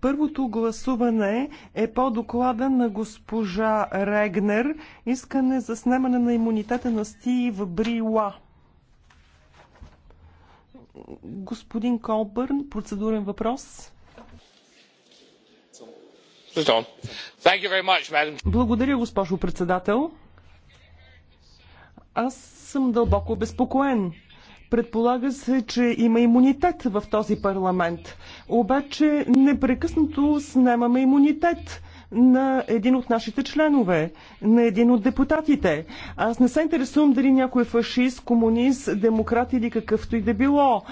Първото гласуване е по доклада на госпожа Регнер искане за снемане на имунитета на Стив Брила. Господин Колбърн, процедурен въпрос. Благодаря, госпожо председател. Аз съм дълбоко обезпокоен. Предполага се, че има имунитет в този парламент. Обаче непрекъснато снемаме имунитет на един от нашите членове, на един от депутатите. Аз не се интересувам дали някой е фашист, комунист, демократ или какъвто и да било.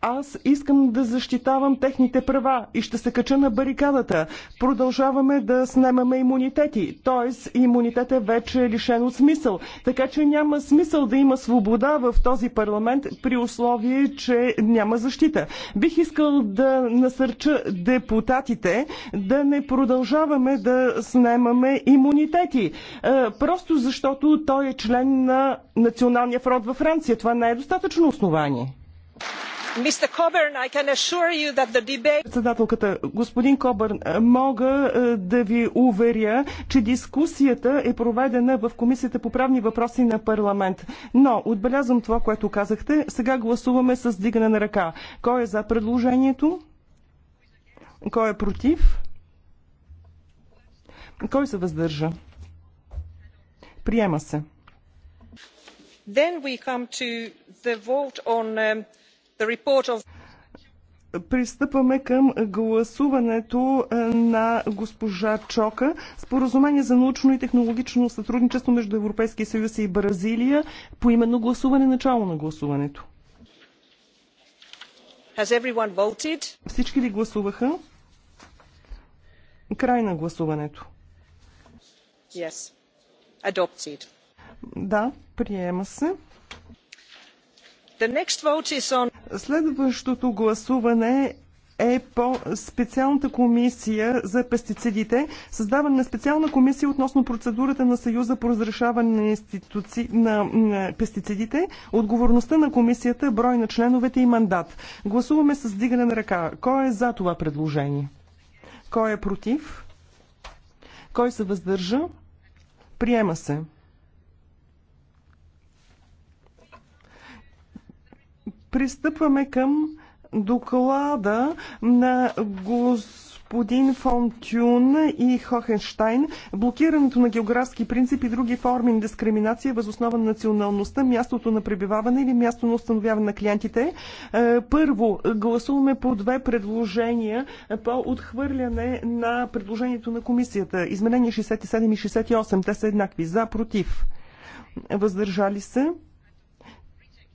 Аз искам да защитавам техните права и ще се кача на барикадата. Продължаваме да снемаме имунитети. Тоест, имунитет е вече лишен от смисъл. Така че няма смисъл да има свобода в този парламент при условие, че няма защита. Бих искал да насърча депутатите да не продължаваме да снемаме имунитети. Е, просто защото той е член на Националния фронт във Франция. Това не е достатъчно основание. Председателката, господин Кобърн, мога е, да ви уверя, че дискусията е проведена в Комисията по правни въпроси на парламент. Но отбелязвам това, което казахте. Сега гласуваме с дигане на ръка. Кой е за предложението? Кой е против? Кой се въздържа? Приема се. Then we come to the vote on um, Пристъпваме към гласуването е, на госпожа Чока. Споразумение за научно и технологично сътрудничество между Европейския съюз и Бразилия. По именно гласуване, начало на гласуването. Всички ли гласуваха? Край на гласуването. Yes. Adopted. Да, приема се. Следващото гласуване е по специалната комисия за пестицидите, създаване на специална комисия относно процедурата на Съюза по разрешаване на, институци... на пестицидите, отговорността на комисията, брой на членовете и мандат. Гласуваме с дигане на ръка. Кой е за това предложение? Кой е против? Кой се въздържа? Приема се. Пристъпваме към доклада на господин фон Тюн и Хохенштайн блокирането на географски принципи и други форми на дискриминация възоснова на националността, мястото на пребиваване или място на установяване на клиентите. Е, първо, гласуваме по две предложения по отхвърляне на предложението на комисията. Изменение 67 и 68. Те са еднакви. За, против. Въздържали се.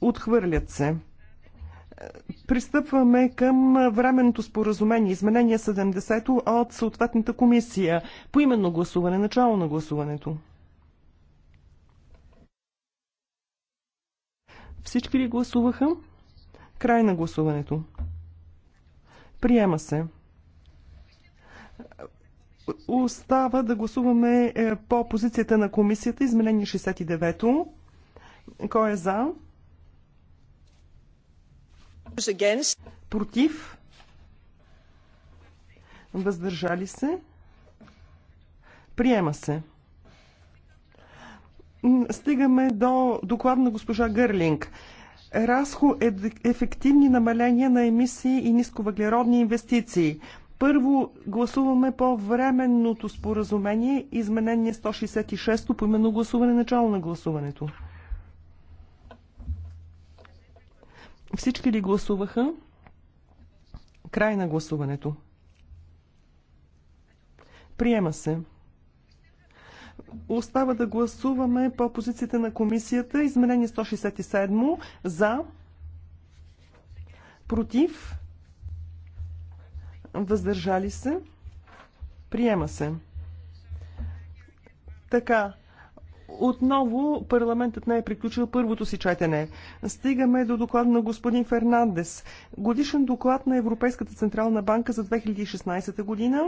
Отхвърлят се. Пристъпваме към временното споразумение, изменение 70-то от съответната комисия. По именно гласуване, начало на гласуването. Всички ли гласуваха? Край на гласуването. Приема се. Остава да гласуваме е, по позицията на комисията изменение 69-то. Кой е за? Против. Въздържали се. Приема се. Стигаме до доклад на госпожа Гърлинг. Разхо е ефективни намаления на емисии и нисковъглеродни инвестиции. Първо гласуваме по временното споразумение, изменение 166 по именно гласуване, начало на гласуването. Всички ли гласуваха? Край на гласуването. Приема се. Остава да гласуваме по позицията на комисията. Изменение 167 за, против, въздържали се. Приема се. Така, отново парламентът не е приключил първото си четене. Стигаме до доклад на господин Фернандес. Годишен доклад на Европейската Централна банка за 2016 година.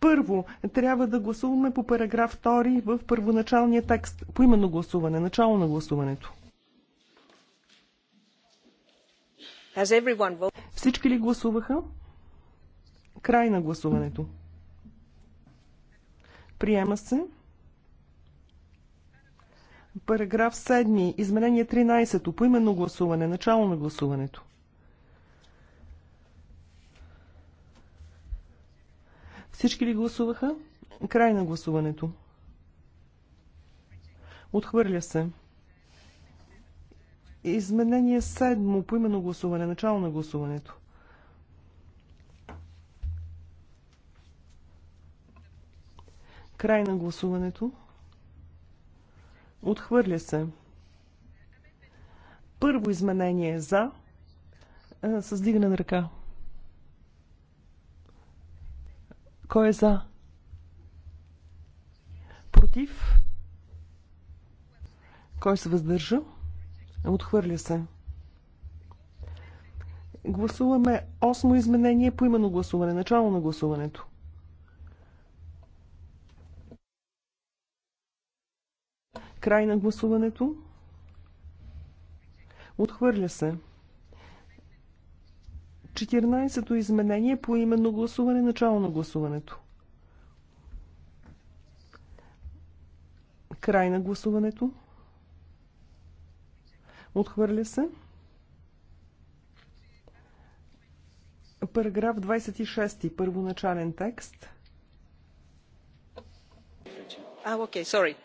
Първо, трябва да гласуваме по параграф 2 в първоначалния текст. По именно гласуване, начало на гласуването. Всички ли гласуваха? Край на гласуването. Приема се. Параграф 7. Изменение 13. Поименно гласуване. Начало на гласуването. Всички ли гласуваха? Край на гласуването. Отхвърля се. Изменение 7. Поименно гласуване. Начало на гласуването. Край на гласуването. Отхвърля се. Първо изменение за. С дигане на ръка. Кой е за? Против? Кой се въздържа? Отхвърля се. Гласуваме осмо изменение по именно гласуване. Начало на гласуването. Край на гласуването. Отхвърля се. 14-то изменение по именно гласуване, начало на гласуването. Край на гласуването. Отхвърля се. Параграф 26, първоначален текст. А, окей, сори.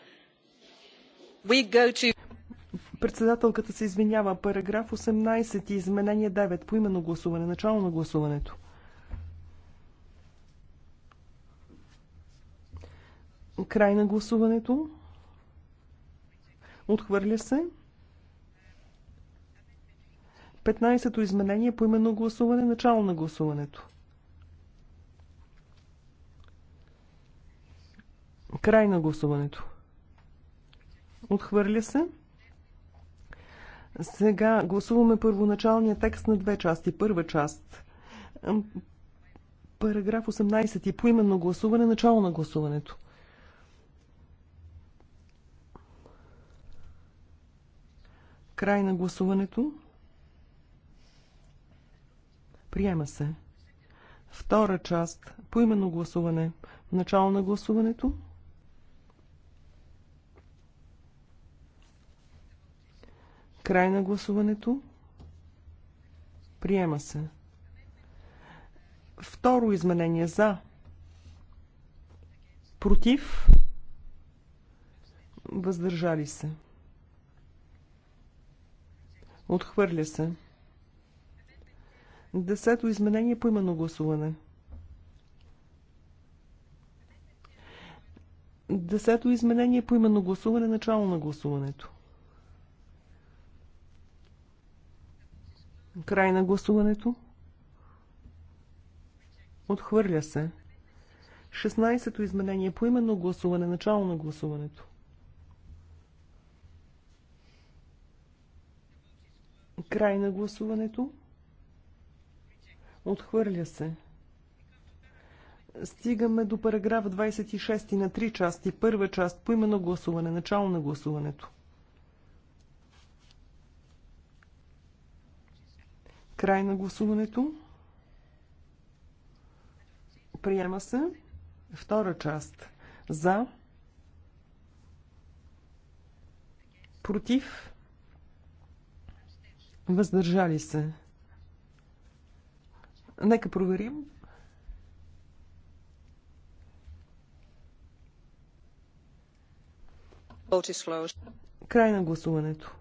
Председателката се извинява. Параграф 18 и изменение 9. По именно гласуване. Начало на гласуването. Край на гласуването. Отхвърля се. 15-то изменение по именно гласуване. Начало на гласуването. Край на гласуването. Отхвърля се. Сега гласуваме първоначалния текст на две части. Първа част. Параграф 18 и поименно гласуване, начало на гласуването. Край на гласуването. Приема се. Втора част. Поименно гласуване. Начало на гласуването. Край на гласуването. Приема се. Второ изменение за. Против. Въздържали се. Отхвърля се. Десето изменение по именно гласуване. Десето изменение по именно гласуване, начало на гласуването. Край на гласуването. Отхвърля се. 16-то изменение по именно гласуване, начало на гласуването. Край на гласуването. Отхвърля се. Стигаме до параграф 26 на 3 части. Първа част по именно гласуване, начало на гласуването. Край на гласуването. Приема се. Втора част. За. Против. Въздържали се. Нека проверим. Край на гласуването.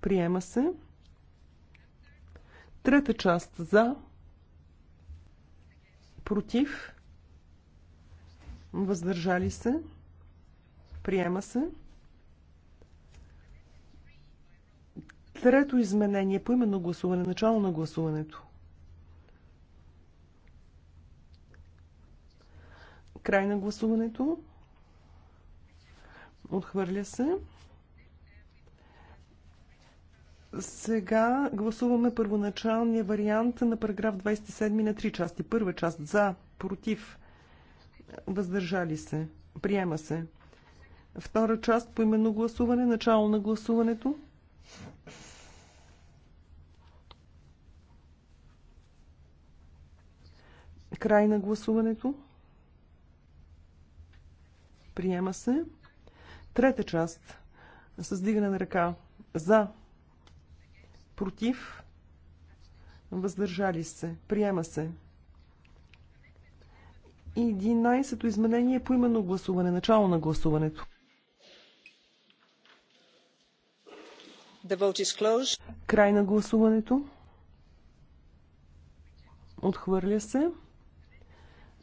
Приема се. Трета част за, против, въздържали се, приема се. Трето изменение е по именно гласуване, начало на гласуването. Край на гласуването. Отхвърля се. Сега гласуваме първоначалния вариант на параграф 27 на три части. Първа част за, против, въздържали се, приема се. Втора част по именно гласуване, начало на гласуването. Край на гласуването. Приема се. Трета част. създигане на ръка. За против, въздържали се, приема се. 11-то изменение е по именно гласуване, начало на гласуването. The vote is closed. Край на гласуването. Отхвърля се.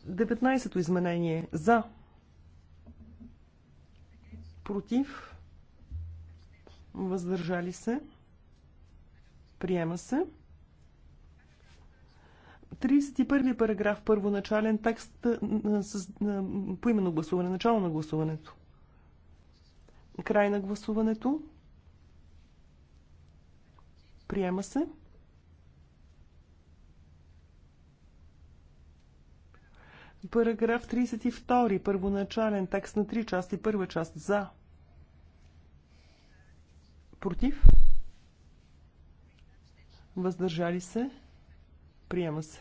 19-то изменение е за. Против. Въздържали се. Приема се. 31 параграф, първоначален текст с поименно гласуване, начало на гласуването. Край на гласуването. Приема се. Параграф 32, първоначален текст на три части, първа част за. Против. Въздържали се? Приема се.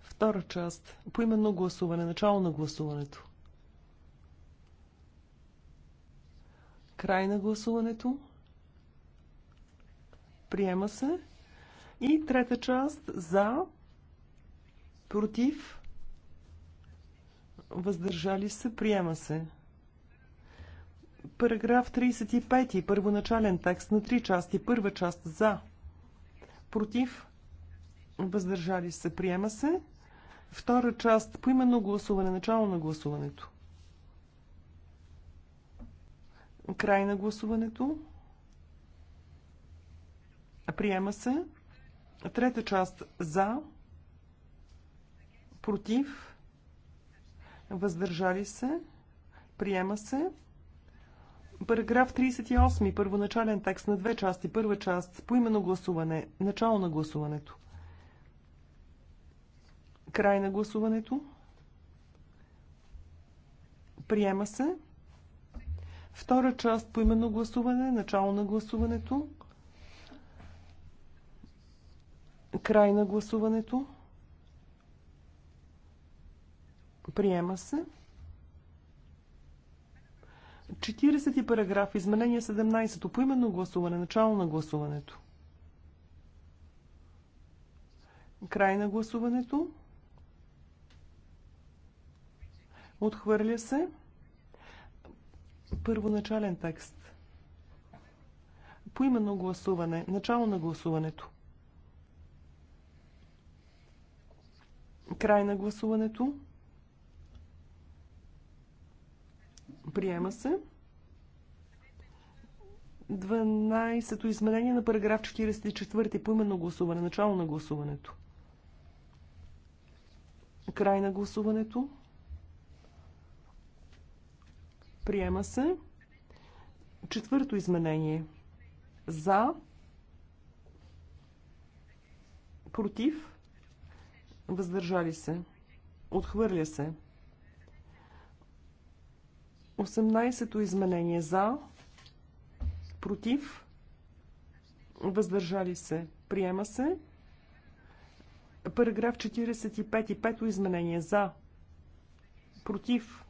Втора част. Поименно гласуване. Начало на гласуването. Край на гласуването. Приема се. И трета част. За. Против. Въздържали се. Приема се. Параграф 35. Първоначален текст на три части. Първа част. За против, въздържали се, приема се. Втора част, по именно гласуване, начало на гласуването. Край на гласуването. Приема се. Трета част за, против, въздържали се, приема се. Параграф 38. Първоначален текст на две части. Първа част по именно гласуване. Начало на гласуването. Край на гласуването. Приема се. Втора част по именно гласуване. Начало на гласуването. Край на гласуването. Приема се. 40 параграф, изменение 17, то поименно гласуване, начало на гласуването. Край на гласуването. Отхвърля се. Първоначален текст. Поименно гласуване. Начало на гласуването. Край на гласуването. Приема се. 12-то изменение на параграф 44 по именно гласуване. Начало на гласуването. Край на гласуването. Приема се. Четвърто изменение. За. Против. Въздържали се. Отхвърля се. 18-то изменение за, против, въздържали се, приема се. Параграф 45 и 5 изменение за, против,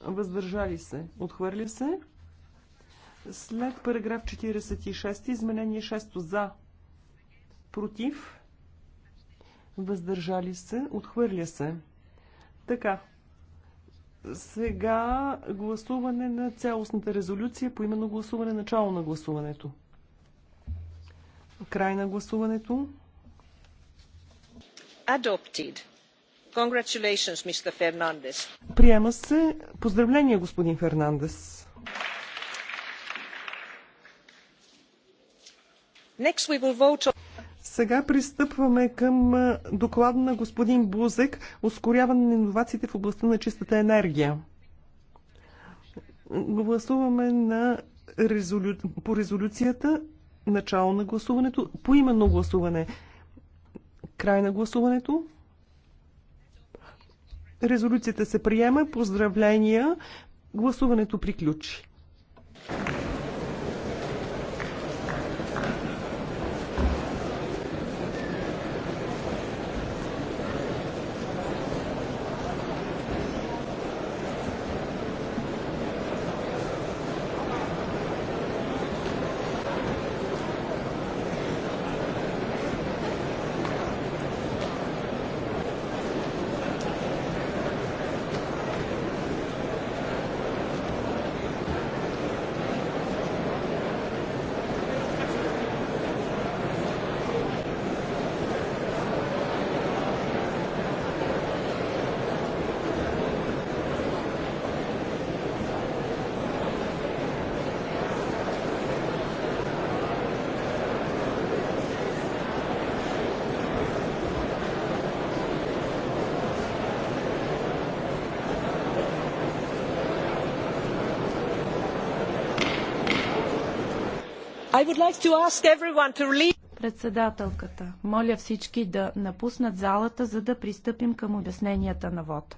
въздържали се, отхвърля се. След параграф 46 изменение 6 за, против, въздържали се, отхвърля се. Така, сега гласуване на цялостната резолюция, по именно гласуване, начало на гласуването. Край на гласуването. Adopted. Congratulations, Mr. Fernandez. Приема се. Поздравление, господин Фернандес. Next we will vote on... Сега пристъпваме към доклада на господин Бузек ускоряване на иновациите в областта на чистата енергия. Гласуваме на резолю... по резолюцията начало на гласуването, по именно гласуване, край на гласуването. Резолюцията се приема. Поздравления! Гласуването приключи. Председателката, моля всички да напуснат залата, за да пристъпим към обясненията на вод.